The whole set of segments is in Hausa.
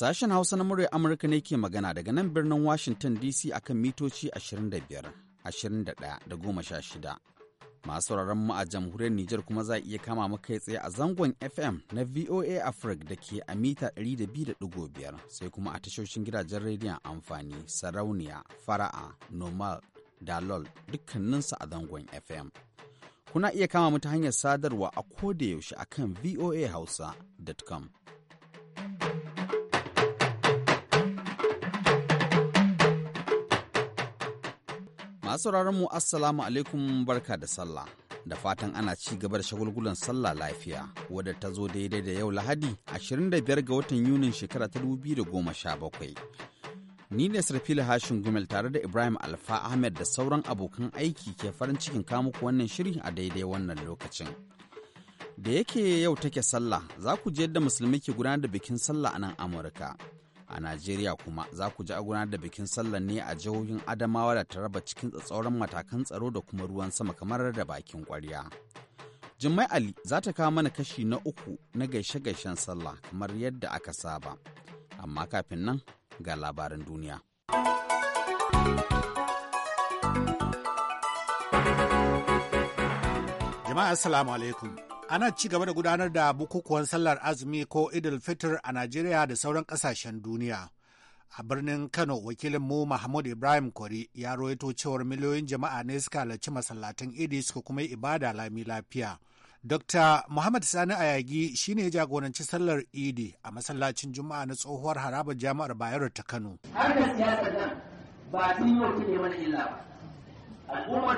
Sashen Hausa na murya Amurka ne ke magana daga nan birnin Washington DC akan mitoci 25, 21 da 16. Masu sauraron mu a jamhuriyar Nijar kuma za a iya kama maka tsaye a zangon FM na VOA Africa da ke a mita 200.5 sai kuma a tashoshin gidajen rediyon amfani sarauniya, fara'a, normal, dalol dukkaninsa a zangon FM. Kuna iya kama mu ta hanyar sadarwa a koda yaushe akan voahausa.com. Masu mu Assalamu alaikum barka da sallah. Da fatan ana ci gaba da shagulgulan sallah lafiya, wadda ta zo daidai da yau Lahadi 25 ga watan Yunin shekara ta 2017. Ni ne Sarfila Hashin Gumel tare da Ibrahim Alfa Ahmed da sauran abokan aiki ke farin cikin kamuku wannan shiri a daidai wannan lokacin. Da yake yau take sallah, za ku je yadda musulmi ke gudanar da bikin sallah a nan Amurka. a najeriya kuma za ku ji a gudanar da bikin sallar ne a jihohin adamawa da taraba cikin tsatsauran matakan tsaro da kuma ruwan sama kamar da bakin kwarya Jummai ali za ta kawo mana kashi na uku na gaishe-gaishen sallah kamar yadda aka saba amma kafin nan ga labarin duniya jama'a assalamu alaikum ana ci gaba da gudanar da bukukuwan sallar azumi ko idil fitr a Najeriya da sauran kasashen duniya. A birnin Kano wakilin mu Mahmud Ibrahim Kwari ya rawaito cewar miliyoyin jama'a ne suka halarci masallatan idi suka kuma yi ibada lami lafiya. Dr. Muhammad Sani Ayagi shine ya jagoranci sallar idi a masallacin Juma'a na tsohuwar harabar jami'ar Bayero ta Kano. Harkar siyasar nan ba wata neman illa ba. Al'ummar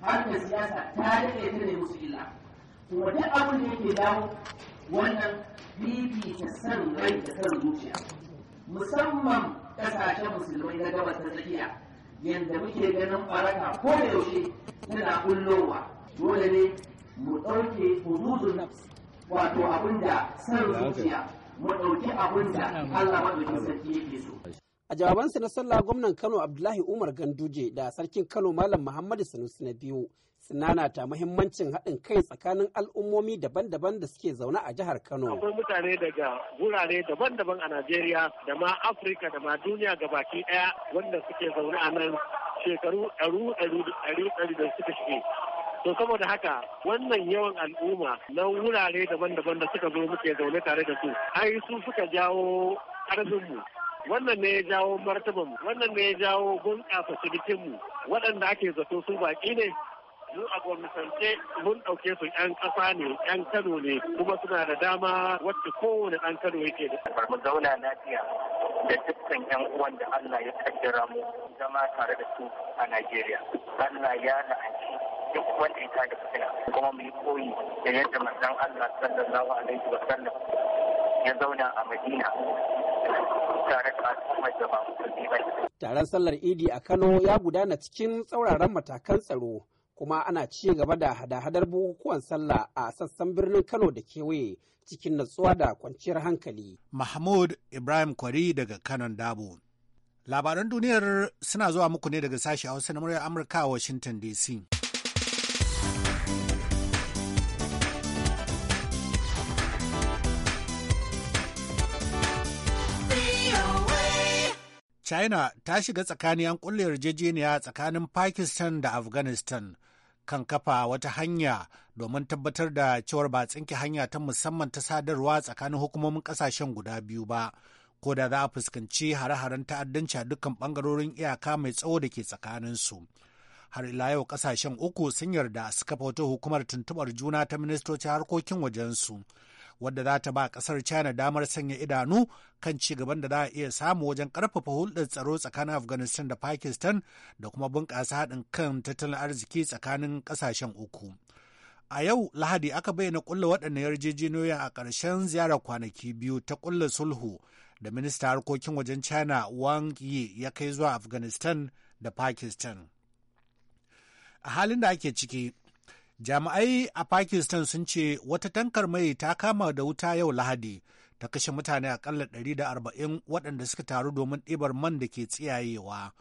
harkar siyasa ta daɗe ta ne musu illa. wani abu abin da yake dawo wannan bibi ta san rai da san zuciya musamman kasashen musulmai na gabas ta tsakiya yadda muke ganin baraka ko da yaushe tana kullowa dole ne mu ɗauke hududun wato abin da san zuciya mu ɗauki abin da Allah madaukakin sarki yake so a jawabansa na sallah gwamnan kano abdullahi umar ganduje da sarkin kano malam muhammadu sanusi na biyu ta muhimmancin haɗin kai tsakanin al'ummomi daban-daban da suke zaune a jihar Kano. Akwai mutane daga wurare daban-daban a Najeriya da ma Afirka da ma duniya gabaki ɗaya wanda suke zaune a nan shekaru ɗaru-ɗaru da suka shige. To saboda haka wannan yawan al'umma na wurare daban-daban da suka zo muke zaune tare da su, ai su suka jawo ƙarfinmu wannan ne ya jawo martabanmu wannan ne ya jawo bunƙasa cikinmu waɗanda ake zato su baƙi ne mu a gwamnatance mun ɗauke su 'yan ƙasa ne 'yan Kano ne kuma suna da dama wacce kowane ɗan Kano yake da. Mu zauna lafiya da dukkan 'yan uwan da Allah ya kaddara mu zama tare da su a Najeriya. Allah ya la'anci duk wanda ya tada fitina kuma mu yi koyi da yadda manzon Allah sallallahu alaihi wa sallam ya zauna a Madina tare da al'ummar da ba. Taron sallar Idi a Kano ya gudana cikin tsauraran matakan tsaro kuma ana ci gaba da hada-hadar bukukuwan sallah a sassan birnin Kano da kewaye cikin natsuwa da kwanciyar hankali. Mahmud Ibrahim Kwari daga Kanon Dabo. Labaran duniyar suna zuwa muku ne daga sashi Hausa na muryar Amurka a Washington DC. China ta shiga tsakani an kulle yarjejeniya tsakanin Pakistan da Afghanistan kan kafa wata hanya domin tabbatar da cewar ba tsinke hanya ta musamman ta sadarwa tsakanin hukumomin kasashen guda biyu ba ko da za a fuskanci hare-haren ta'addanci a dukkan bangarorin iyaka mai tsawo da ke tsakaninsu. Har ila yau kasashen uku sun yarda su kafa wata hukumar tuntubar juna ta ministocin harkokin wajensu. su. wadda za ta ba kasar china damar sanya idanu kan ci gaban da za a iya samu wajen karfafa hulɗar tsaro tsakanin afghanistan da pakistan da kuma bunƙasa haɗin kan tattalin arziki tsakanin ƙasashen uku a yau lahadi aka bayyana kulla waɗannan yarjejeniyoyin a ƙarshen ziyarar kwanaki biyu ta kulla sulhu da minista harkokin wajen china wang yi ya kai zuwa afghanistan da pakistan a halin da ake ciki Jami'ai a Pakistan sun ce wata tankar mai ta kama da wuta yau Lahadi ta kashe mutane akalla 140 waɗanda suka taru domin ɗibar man da ke tsiyayewa.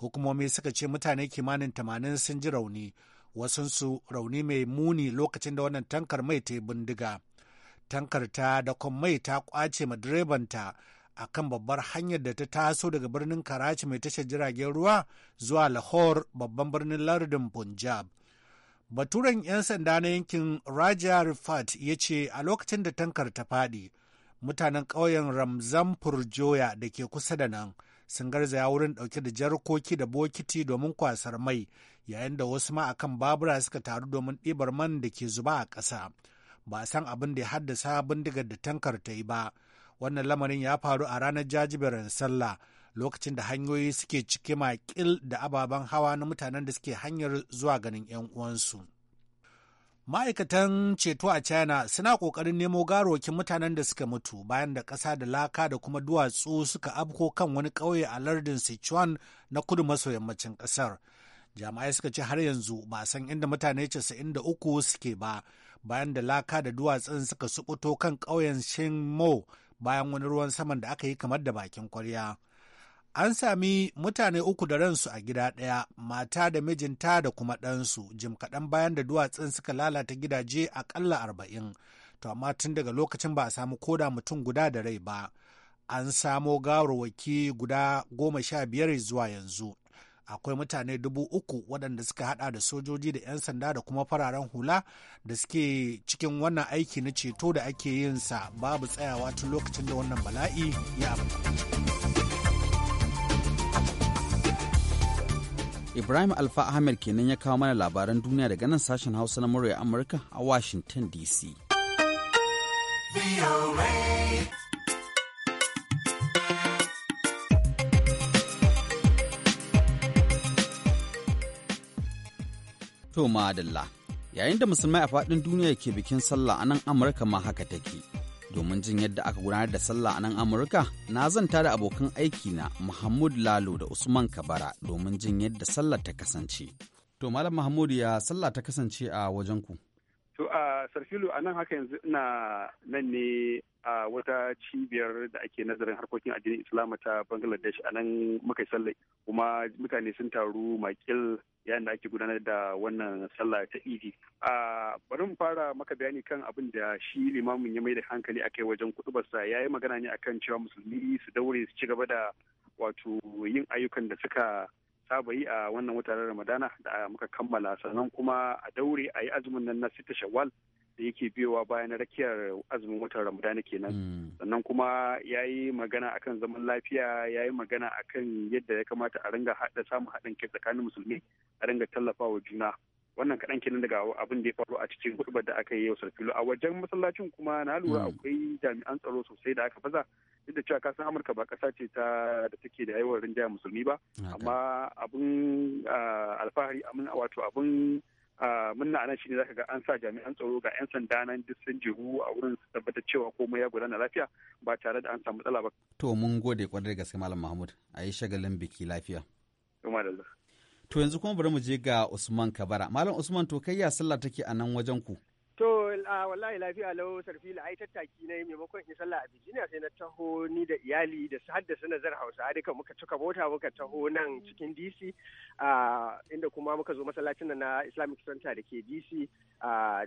Hukumomi suka ce mutane kimanin 80 sun ji rauni, wasunsu rauni mai muni lokacin da wannan tankar mai ta yi bindiga. Tankar ta da mai ta kwace ma direbanta a kan babbar hanyar da ta taso daga birnin Karachi mai tashar jiragen ruwa zuwa Lahore babban birnin lardin Punjab. Baturen 'yan sanda na yankin Raja Rifat ya ce a lokacin da tankar ta faɗi, mutanen ƙauyen Ramzanpur Joya da ke kusa da nan sun garzaya wurin ɗauke da jarkoki da bokiti domin kwasar mai, yayin da wasu ma akan babura suka taru domin ɗibar man da ke zuba a ƙasa. Ba a san abin da ya haddasa bindigar da tankar ta yi ba. Wannan lamarin ya faru a ranar jajiberin sallah lokacin da hanyoyi suke cike makil da ababen hawa na mutanen da suke hanyar zuwa ganin 'yan uwansu. Ma'aikatan ceto a China suna ƙoƙarin nemo garokin mutanen da suka mutu bayan da ƙasa da laka da kuma duwatsu suka abko kan wani ƙauye a lardin Sichuan na kudu maso yammacin ƙasar. Jami'ai suka ce har yanzu ba san inda mutane 93 suke ba bayan da laka da duwatsun suka sukuto kan ƙauyen Shinmo bayan wani ruwan saman da aka yi kamar da bakin kwarya. an sami mutane uku da ransu a gida ɗaya mata da mijinta da kuma ɗansu jim kaɗan bayan da duwatsun suka lalata gidaje aƙalla arba'in to amma tun daga lokacin ba a samu koda mutum guda da rai ba an samo gawarwaki guda goma sha biyar zuwa yanzu akwai mutane dubu uku waɗanda suka hada da sojoji da 'yan sanda da kuma fararen hula da suke cikin wannan aiki na ceto da ake yinsa babu tsayawa tun lokacin da wannan bala'i ya abu Ibrahim Alfa Ahmed kenan ya kawo mana labaran duniya daga nan sashen Hausa na murya Amurka a Washington DC. To madalla, yayin da musulmai a faɗin duniya ke bikin sallah a nan Amurka ma haka take. domin jin yadda aka gudanar da sallah a nan amurka na zanta da abokan aiki na lalo da usman kabara domin jin yadda sallah ta kasance to malam mahmud ya sallah ta kasance a wajen ku To a Sarfilu a nan haka yanzu ina nan ne a wata cibiyar da ake nazarin harkokin addinin Islama ta Bangladesh a nan muka yi sallah kuma mutane sun taru makil yayin da ake gudanar da wannan sallah ta Idi. A bari mu fara maka bayani kan abin da shi limamin ya mai da hankali a kai wajen kutubarsa ya yi magana ne akan cewa musulmi su daure su ci gaba da wato yin ayyukan da suka saba yi a wannan wata ramadana da muka kammala sannan kuma a daure a yi azumin nan na sita shawwal da yake biyowa bayan rakiyar azumin watan ramadana kenan mm. sannan kuma ya yi magana akan zaman lafiya ya yi magana akan yadda ya kamata a ringa samun haɗin kai tsakanin musulmi a ringa tallafa wa juna wannan kaɗan kenan daga abin da ya faru a cikin gurbar da aka yi yau sarfilo a wajen masallacin kuma na lura hmm. akwai jami'an tsaro sosai da aka faza duk da cewa kasan amurka ba ƙasa ce ta da take da yawan rinjaya musulmi ba amma abin alfahari amin wato abin munna anan shine zaka ga an sa jami'an tsaro ga 'yan sanda nan duk sun jihu a wurin su tabbatar cewa komai ya gudana lafiya ba tare da an samu matsala ba. to mun gode kwarai da gaske malam mahmud ayi shagalin biki lafiya. da Allah. To yanzu kuma bari mu je ga Usman Kabara. Malam Usman to kai ya sallah take a nan wajen ku. To wallahi lafiya lau sarfi la ai tattaki na yi maimakon in sallah a bikin sai na taho ni da iyali da su haddasa nazar Hausa dukan muka cika mota muka taho nan cikin DC inda kuma muka zo masallacin na Islamic Center da ke DC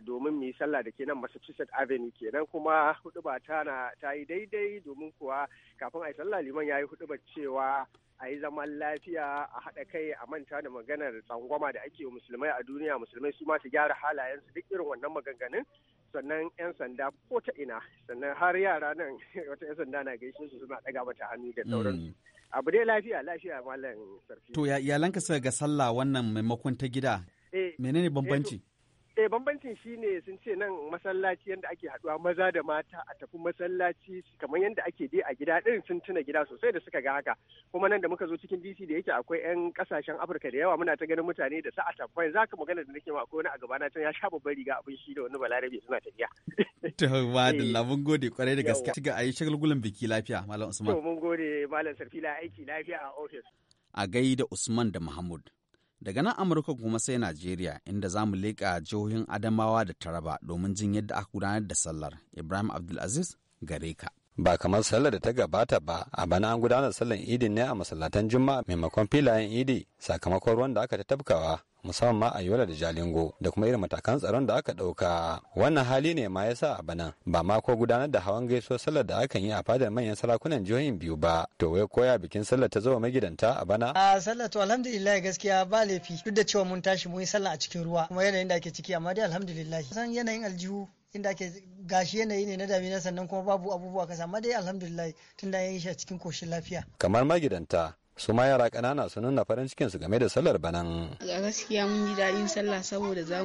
domin mu yi sallah da ke nan Massachusetts Avenue kenan kuma huduba ta na ta yi daidai domin kuwa kafin a yi sallah liman ya yi huduba cewa a yi zaman lafiya a haɗa kai a manta da maganar tsangwama da ake musulmai a duniya musulmai su ma su gyara su duk irin wannan maganganun sannan 'yan sanda ko ta ina sannan har yara nan wata 'yan sanda na gaishe su suna ɗaga mata hannu da sauran mm. abu dai lafiya lafiya malam sarki to ya iyalanka suka ga sallah wannan maimakon ta gida eh. menene bambanci eh, eh bambancin ne sun ce nan masallaci yadda ake haduwa maza da mata a tafi masallaci kamar yadda ake dai a gida ɗin sun tuna gida sosai da suka ga haka kuma nan da muka zo cikin DC da yake akwai yan kasashen Afirka da yawa muna ta ganin mutane da sa'a tafai zaka magana da nake ma akwai wani a gaba na can ya sha babbar riga abin shi da wani balarabe suna tafiya to ba da labun gode kwarai da gaske a ayi shagulgulan biki lafiya malam Usman to mun gode malam Sarfila aiki lafiya a ofis a gaida Usman da Mahmud Daga nan Amurka kuma sai Najeriya inda za mu leƙa jihohin Adamawa da Taraba domin jin yadda aka gudanar da sallar. Ibrahim Abdulaziz gare ka. ba kamar sallar da ta gabata ba a bana an gudanar sallar idin ne a masallatan juma'a maimakon filayen idi sakamakon ruwan da aka ta tabkawa musamman ma a yola da jalingo da kuma irin matakan tsaron da aka ɗauka wannan hali ne ma yasa a bana ba ma ko gudanar da hawan gaiso sallar da akan yi a fadar manyan sarakunan jihohin biyu ba to wai koya bikin sallar ta zama magidanta a bana a sallar to alhamdulillah gaskiya ba laifi duk da cewa mun tashi mun yi sallah a cikin ruwa kuma yanayin da ake ciki amma dai alhamdulillah san yanayin aljihu inda ake gashi yanayi ne na damina sannan kuma babu abubuwa kasa amma dai alhamdulillah tun da yayin shi a cikin koshin lafiya kamar magidanta su ma yara kanana su nuna farin cikin su game da sallar banan. A gaskiya mun ji daɗin sallah saboda za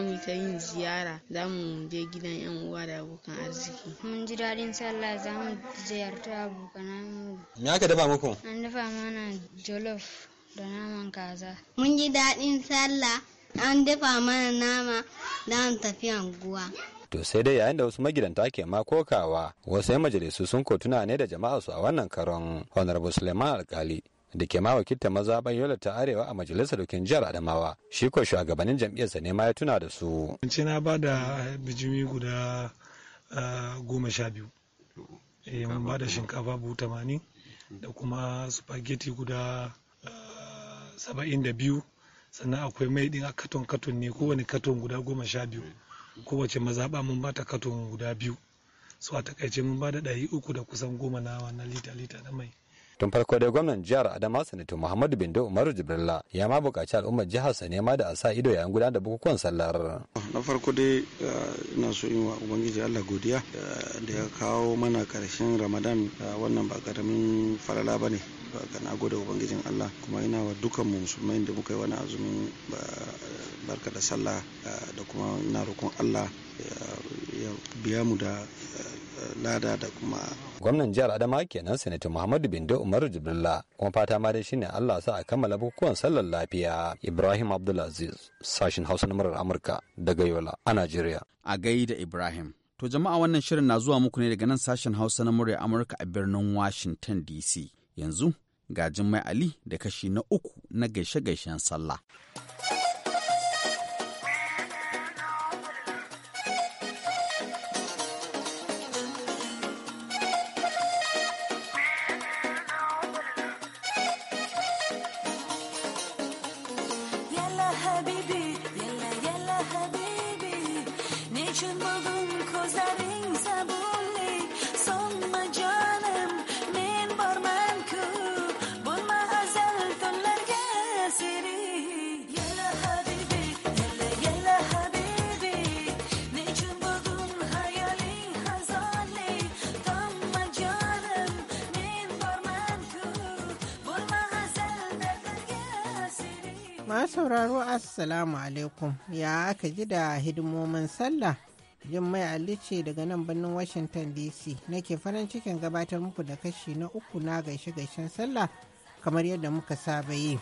mu ta yin ziyara za mu je gidan yan uwa da abokan arziki. Mun ji daɗin sallah za mu ziyarci abokan Me aka dafa muku? An dafa mana jollof da naman kaza. Mun ji daɗin sallah an dafa mana nama da tafi anguwa to sai dai yayin da wasu magidanta ke ma kokawa wasu 'yan majalisu sun ko tuna ne da jama'arsu a wannan karon honorable suleiman alkali da ke ma wakilta maza yola ta arewa a majalisar dokin jihar adamawa shi ko shugabannin jam'iyyarsa ne ma ya tuna da su ce na ba da bijimi guda goma sha biyu eh, mun ba da shinkafa buhu tamanin da kuma spaghetti guda saba'in da biyu sannan akwai mai din a katon katon ne kowane katon guda goma sha biyu kowace mazaɓa mun ba ta katon guda biyu so a takaice mun ba da ɗari uku da kusan goma na na lita lita na mai tun farko dai gwamnan jihar adama sanatu muhammadu bindo umaru jibrila ya ma bukaci al'ummar jihar sa nema da a sa ido yayin gudanar da bukukuwan sallar na farko dai eh, ina so in wa ubangiji allah godiya eh, da ya kawo mana karshen ramadan eh, wannan ba karamin falala ba ne ga na gode ubangijin allah kuma ina wa dukan musulmai da muka yi wani azumin barka da sallah da kuma ina roƙon allah biya mu da eh, lada da kuma gwamnan jihar adama kenan sanata muhammadu bindo umaru jibrilla kuma fata ma dai shine allah sa a kammala bukukuwan sallar lafiya ibrahim abdulaziz sashin hausa na murar amurka daga yola a najeriya a da ibrahim to jama'a wannan shirin na zuwa muku ne daga nan sashen hausa na murar amurka a birnin washington dc yanzu ga mai ali da kashi na uku na gaishe-gaishen sallah sauraro assalamu alaikum ya aka ji da hidimomin sallah Jummai Ali ce daga nan birnin Washington DC nake farin cikin gabatar muku da kashi na uku na gaishe-gaishen sallah kamar yadda muka saba yi.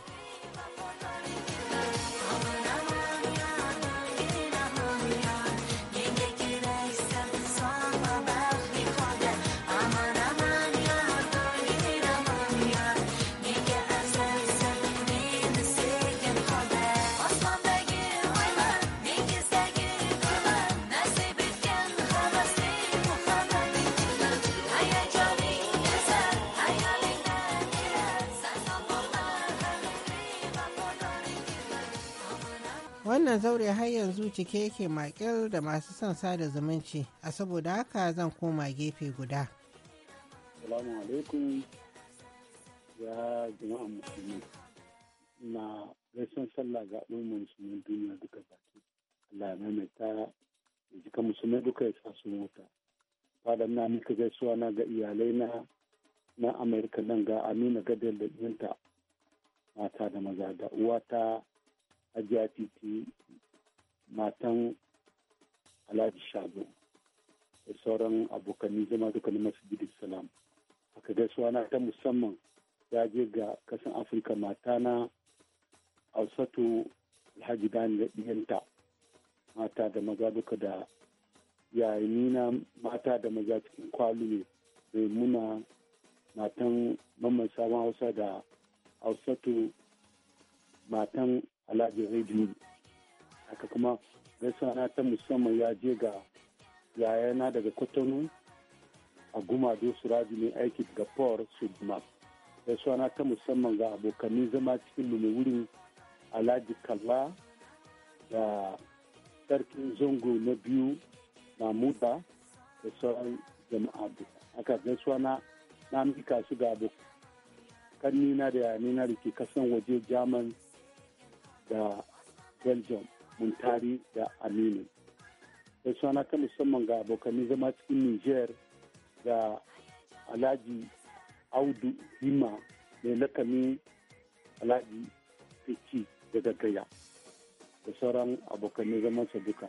wannan zaure har yanzu cike yake makil da masu son sada zumunci a saboda haka zan koma gefe guda salamu alaikum ya jama'a musulmi na rashin sallah ga al'ummar musulmin duniya duka baki Allah ya maimaita ya jika musulmai duka ya sa su mota fadan na muka gaisuwa na ga iyalai na na amurka nan ga amina Gadel da ɗinta mata da maza da uwata hajiya titi matan alhaji shago da sauran abokanin zama duka na masjid salam aka gaisuwa na ta musamman ya je ga kasan afirka mata na ausatu alhaji dani da ɗiyanta mata da maza duka da yayi na mata da maza cikin kwalu ne mai muna matan mamman sabon hausa da ausatu matan alhaji rediyo haka kuma gaisuwa ta musamman ya je ga yayana daga kotonu a guma do suraji mai aiki daga port sudmap gaisuwa ta musamman ga abokanin zama cikin wurin alhaji kalla da sarkin zongo na biyu mamuda da sauran jama'a haka gaisuwa na na mika su ga abokanina da yanina da ke kasan waje jaman da belgium muntari da aminu da sana ta musamman ga abokanin zama cikin niger da alhaji audu hima mai lakami alhaji fiki daga gaya da sauran abokanin zamansa duka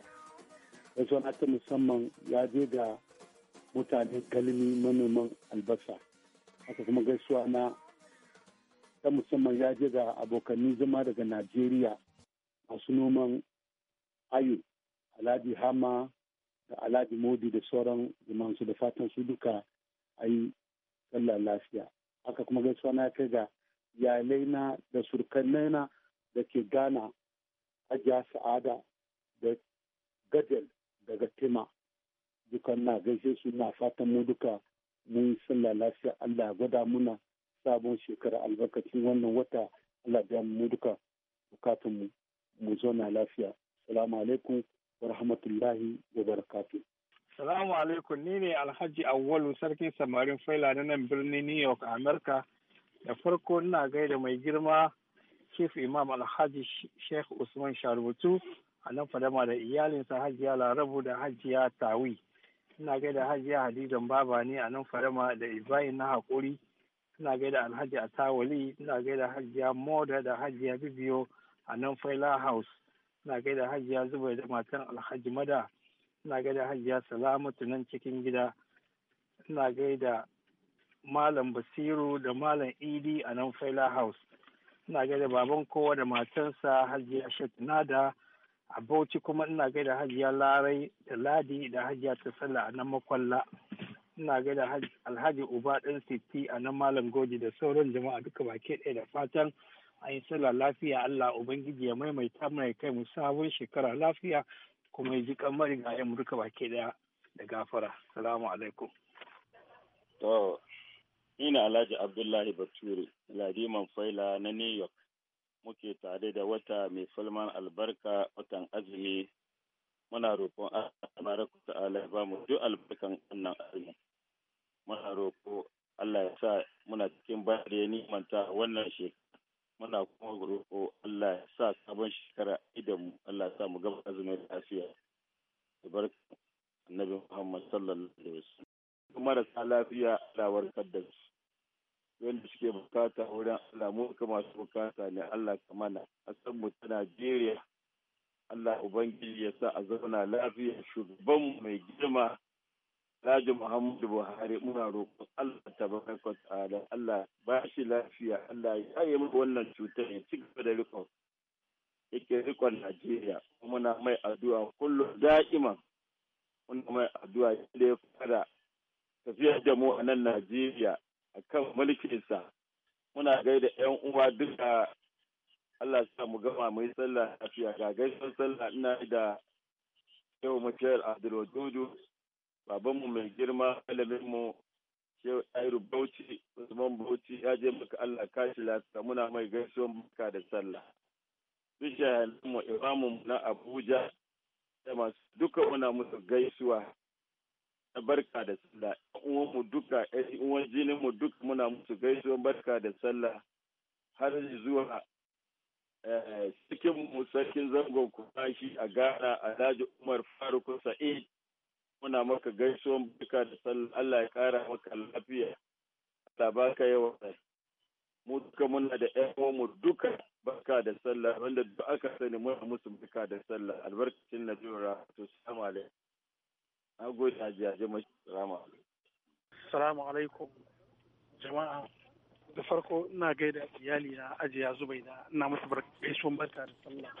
da sana ta musamman ya je ga mutane galimi manoman albasa haka kuma gaisuwa na ta musamman ya je ga abokanin zama daga najeriya masu noman ayu alhaji hama da alhaji modi da sauran zumansu da fatan su duka a yi sallah lafiya aka kuma gaisuwa na kai ga iyalai na da surkanai na da ke gana hajiya sa'ada da gadel daga tema dukan na gaishe su na fatan mu duka mun sallah lafiya allah ya gwada muna sabon shekara albarkacin wannan wata Allah biya mu duka bukatun mu mu zauna lafiya salamu alaikum wa rahmatullahi wa barakatuh salamu alaikum ni ne alhaji awwalu sarkin samarin faila na nan birnin new york america da farko ina gaida mai girma chief imam alhaji sheikh usman sharubutu a nan fadama da iyalinsa hajiya larabu da hajiya tawi ina gaida hajiya hadizan baba ne a nan fadama da ibrahim na hakuri. ina gaida alhaji a tawali ina gaida hajiya moda da hajiya bibiyo a nan faila house ina gaida hajiya zubai da matan alhaji mada ina gaida hajiya salamatu nan cikin gida ina gaida malam basiru da malam idi a nan faila house ina gaida baban kowa da matansa hajiya shatinada a bauchi kuma ina gaida hajiya larai da ladi da hajiya tasalla a nan makwalla ina gaida alhaji uba ɗan sitti a nan malam goji da sauran jama'a duka baki ɗaya da fatan an yi sallah lafiya allah ubangiji ya maimaita mana kai mu sabon shekara lafiya kuma ya ji kamar ga yan duka baki ɗaya da gafara salamu alaikum to ina alhaji abdullahi bature ladiman faila na new york muke tare da wata mai salman albarka watan azumi muna roƙon Allah ta'ala ba mu duk albarkan wannan azumi muna roƙo Allah ya sa muna cikin bayar ya nimanta wannan shekara muna kuma roƙo Allah ya sa sabon shekara idan Allah ya sa mu gaba azumin lafiya albarka annabi Muhammad sallallahu alaihi wasallam kuma da lafiya Allah warkar da su wanda suke bukata wurin Allah mu kuma masu bukata ne Allah kamana a san mu ta Najeriya Allah Ubangiji ya sa a zauna lafiya shugaban mai girma alhaji Muhammadu Buhari muna roƙon Allah ta baraka ta'ala Allah ba shi lafiya Allah ya yi mu wannan cutar ya ci gaba da rikon yake rikon Najeriya muna mai addu'a kullum da'iman muna mai addu'a da ya fara tafiya da mu a nan Najeriya akan mulkinsa muna gaida yan uwa duka Allah sa mu gama mu yi sallah lafiya ga gaisuwar sallah ina da yau mu Abdul Wadudu babanmu mai girma mu shehu airu bauchi usman bauchi ya je maka allah kashi lafiya muna mai gaisuwan baka da sallah duk shahalinmu imamu na abuja da masu duka muna musu gaisuwa na barka da sallah mu duka yan uwan mu duka muna musu gaisuwan barka da sallah har zuwa eh, cikin mu sarkin zangon shi a a alhaji umar faruk sa'id muna maka gaisuwan buka da sallah Allah ya kara maka lafiya Allah baka yawa mu duka muna da ƴan mu duka barka da sallah wanda duk aka sani muna musu barka da sallah albarkacin na jura to salamu alaikum na gode a jiyaje mashi salamu alaikum salamu alaikum jama'a da farko ina gaida iyali na ajiya zubaida ina musu gaisuwan barka da sallah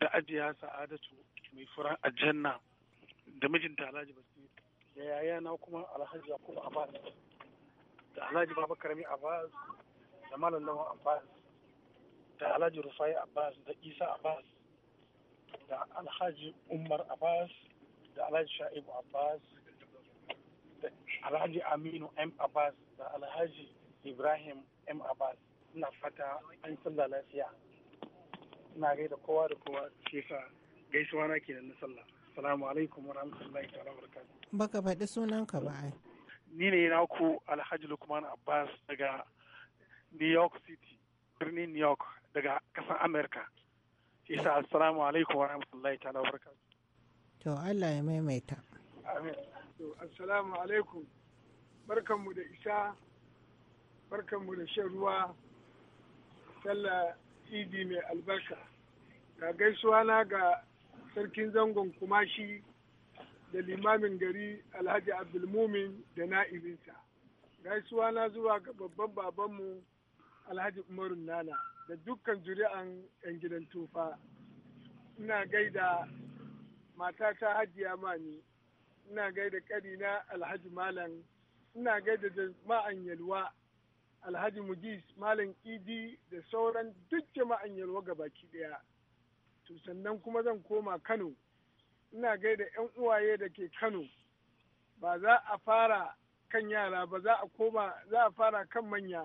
da ajiya sa'adatu mai furan aljanna da mijinta alhaji basi da yaya na kuma alhaji yakubu abbas da alhaji baba karami abbas da malam lawan abbas da alhaji rufai abbas da isa abbas da alhaji umar abbas da alhaji sha'ibu abbas da alhaji aminu m abbas da alhaji ibrahim m abbas ina fata an sallah lafiya ina gaida kowa da kowa ce gaisuwa na kenan na sallah Assalamu alaikum wa rahmatullahi ta'ala barakatuh. Baka faɗi sunan ka ba ai. Ni ne na ku Alhaji Lukman Abbas daga New York City, birnin New York daga ƙasar Amerika. Isa assalamu alaikum wa rahmatullahi ta'ala wa To Allah ya maimaita. Amin. To assalamu alaikum. Barkanmu da isa. Barkanmu da shan ruwa. Sallah Idi mai albarka. Ga gaisuwa na ga sarkin zangon kumashi da limamin gari alhaji abdulmumin da na'ibinsa gaisuwa na zuwa ga babban babanmu alhaji umaru nana da dukkan zuri'an 'yan gidan tufa ina gaida matata hajiya mani ina gaida karina alhaji malam ina gaida jama'an yalwa alhaji mujis malam idi da sauran duk jama'an yalwa baki ɗaya sannan kuma zan koma kano ina gaida 'yan uwaye da ke kano ba za a fara kan yara ba za a koma za a fara kan manya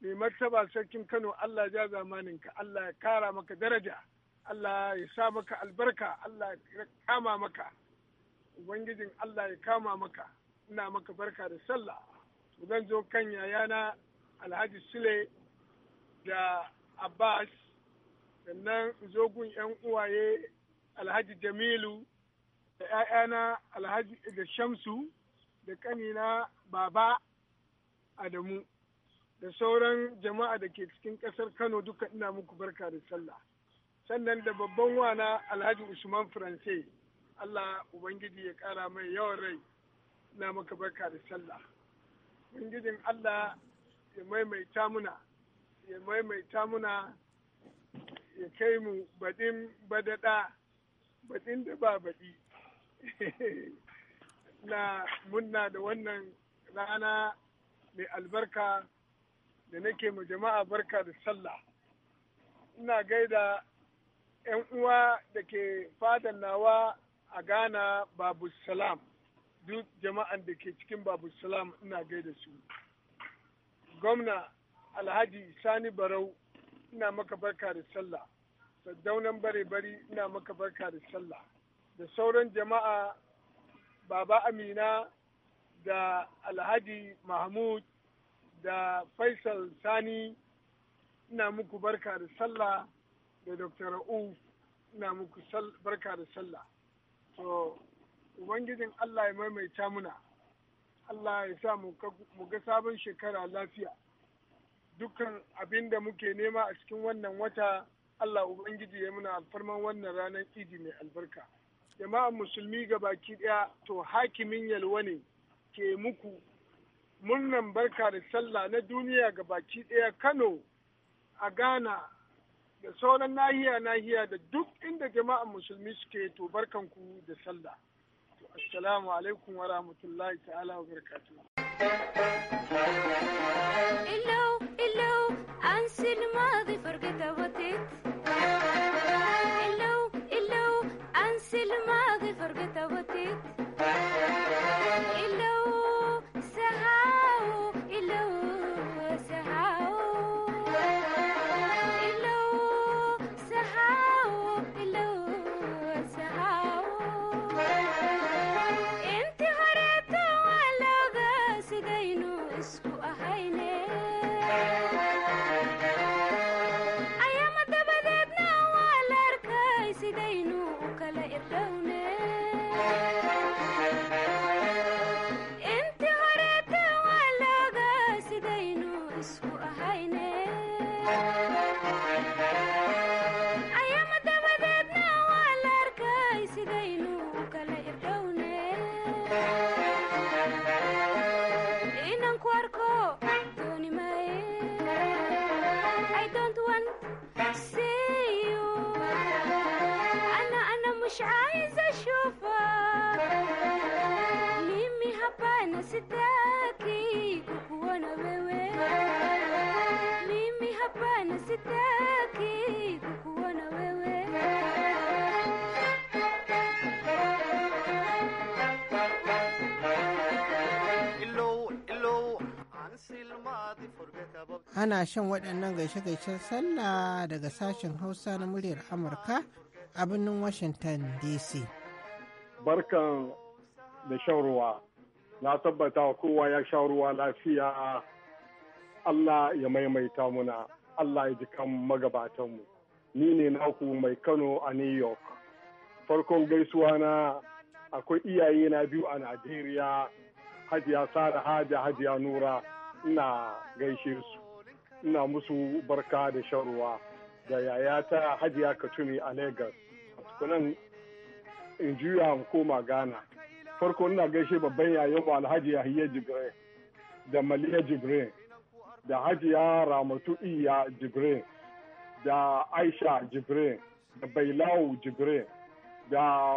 mai martaba sarkin kano allah ja zamaninka allah ya kara maka daraja allah ya sa maka albarka allah ya kama maka ubangijin allah ya kama maka ina maka barka da sallah zan zo kan yayana alhaji sule da abbas sannan zogun yan uwaye alhaji jamilu da 'ya'yana alhaji da shamsu da kanina baba adamu da sauran jama'a da ke cikin ƙasar kano duka ina muku barka da sallah sannan da babban wana alhaji usman france allah ubangiji ya ƙara mai yawan rai na maka barka da sallah ubangijin allah ya maimaita muna ya maimaita muna ya kai mu baɗin badaɗa baɗin da ba baɗi na munna da wannan rana mai albarka da nake ma jama'a barka da sallah ina gaida 'yan uwa da ke fadan nawa a ghana babu salam duk jama'an da ke cikin babu salam ina gaida su gwamna alhaji sani barau ina maka barka da sallah saddaunan bare bari ina maka barka da sallah da sauran jama'a baba amina da alhaji mahmud da faisal sani ina muku barka da sallah da dr ra'uf ina muku barka da sallah to ubangijin allah ya maimaita muna allah ya sa mu ga sabon shekara lafiya dukkan abin da muke nema a cikin wannan wata Allah Ubangiji ya muna alfarman wannan ranar idi mai albarka. Jama'an musulmi ga baki ɗaya to hakimin yalwa ne ke muku murnan barka da sallah na duniya ga baki ɗaya Kano a Ghana da sauran nahiya nahiya da duk inda jama'an musulmi suke to barkanku da sallah. Assalamu alaikum wa rahmatullahi ta'ala wa barakatuh. انسى الماضي فرقته ana shan waɗannan gaishe-gaishen sallah daga sashen hausa na muryar amurka a birnin washington dc barkan da shan na tabbata kowa ya sha ruwa lafiya allah ya maimaita muna allah ya ji magabatanmu ni ne naku mai kano a new york farkon gaisuwa na akwai iyaye na biyu a najeriya hajiya sara hajiya hajiya nura ina gaishe su ina musu barka da sharuwa da yayata hajiya katumi a lagos a tukunan in juya koma ghana farko ina gaishe babban yayan mu alhaji yahiya jibre da maliya jibre da hajiya ramatu iya jibre da aisha jibre da bailawu jibre da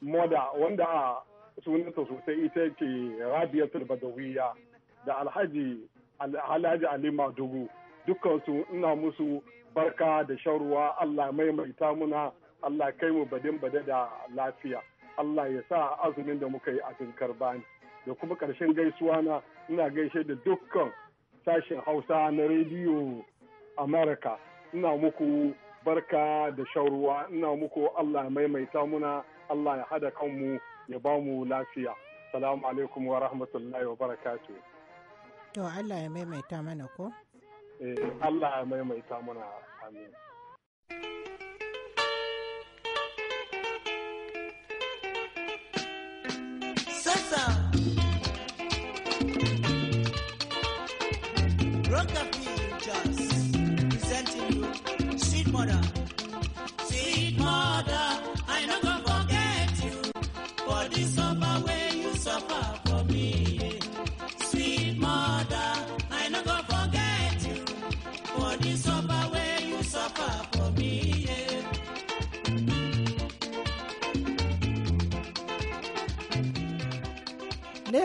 moda wanda a sunanta sosai ita ke rabiatul badawiya da alhaji alhaji ali madugu dukansu ina musu barka da sharuwa allah maimaita muna allah kai mu badin bade da lafiya allah ya sa azumin da muka yi a tunkar bani da kuma ƙarshen gaisuwa na ina gaishe da dukkan sashen hausa na rediyo america ina muku barka da sharuwa ina muku allah maimaita muna allah ya hada kanmu ya ba mu lafiya salamu alaikum wa rahmatullahi wa barakatuh To Allah ya maimaita mana ko? Eh, Allah ya maimaita mana amin. Sasa Rock Jazz presenting you Sweet Mother.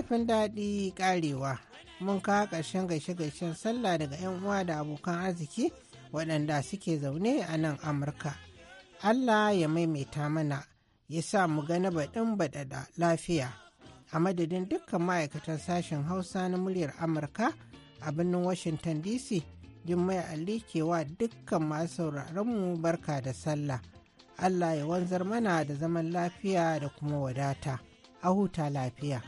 zafin daɗi ƙarewa mun kawo ƙarshen gaishe-gaishen sallah daga 'yan uwa da abokan arziki waɗanda suke zaune a nan amurka allah ya maimaita mana ya sa mu gani baɗin baɗaɗa lafiya a madadin dukkan ma'aikatan sashen hausa na muryar amurka a birnin washington dc jummai ali kewa dukkan masu mu barka da sallah allah ya wanzar mana da zaman lafiya da kuma wadata a huta lafiya.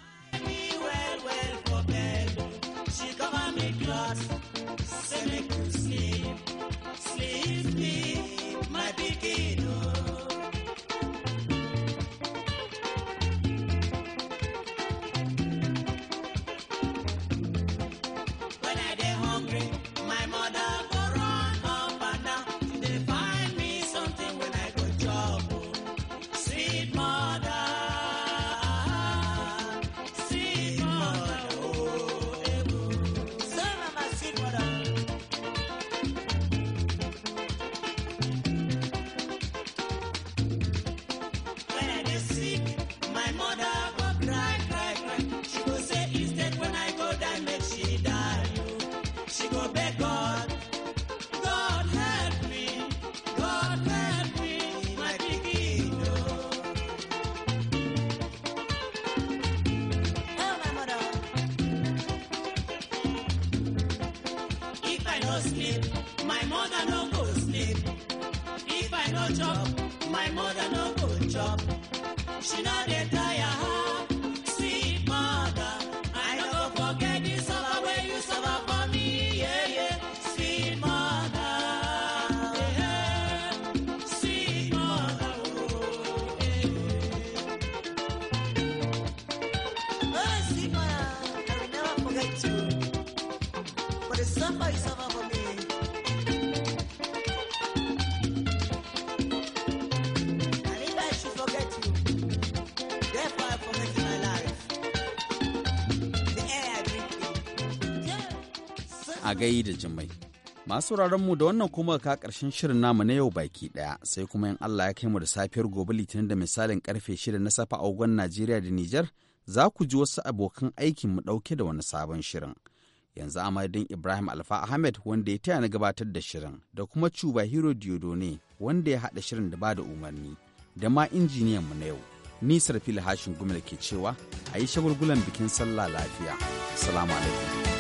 a gai da jimai. Masu mu da wannan kuma ka karshen shirin namu na yau baki ɗaya, sai kuma in Allah ya kai mu da safiyar gobe litinin da misalin karfe shida na safa a Najeriya da Nijar za ku ji wasu abokan aikin mu dauke da wani sabon shirin. yanzu amadin Ibrahim Alfa Ahmed wanda ya taya na gabatar da shirin da kuma Cuba Hero Diodone wanda ya haɗa shirin da ba da umarni da ma injiniyan mu na yau. ni fili hashin gumel ke cewa a yi shagulgulan bikin sallah lafiya. Salamu alaikum.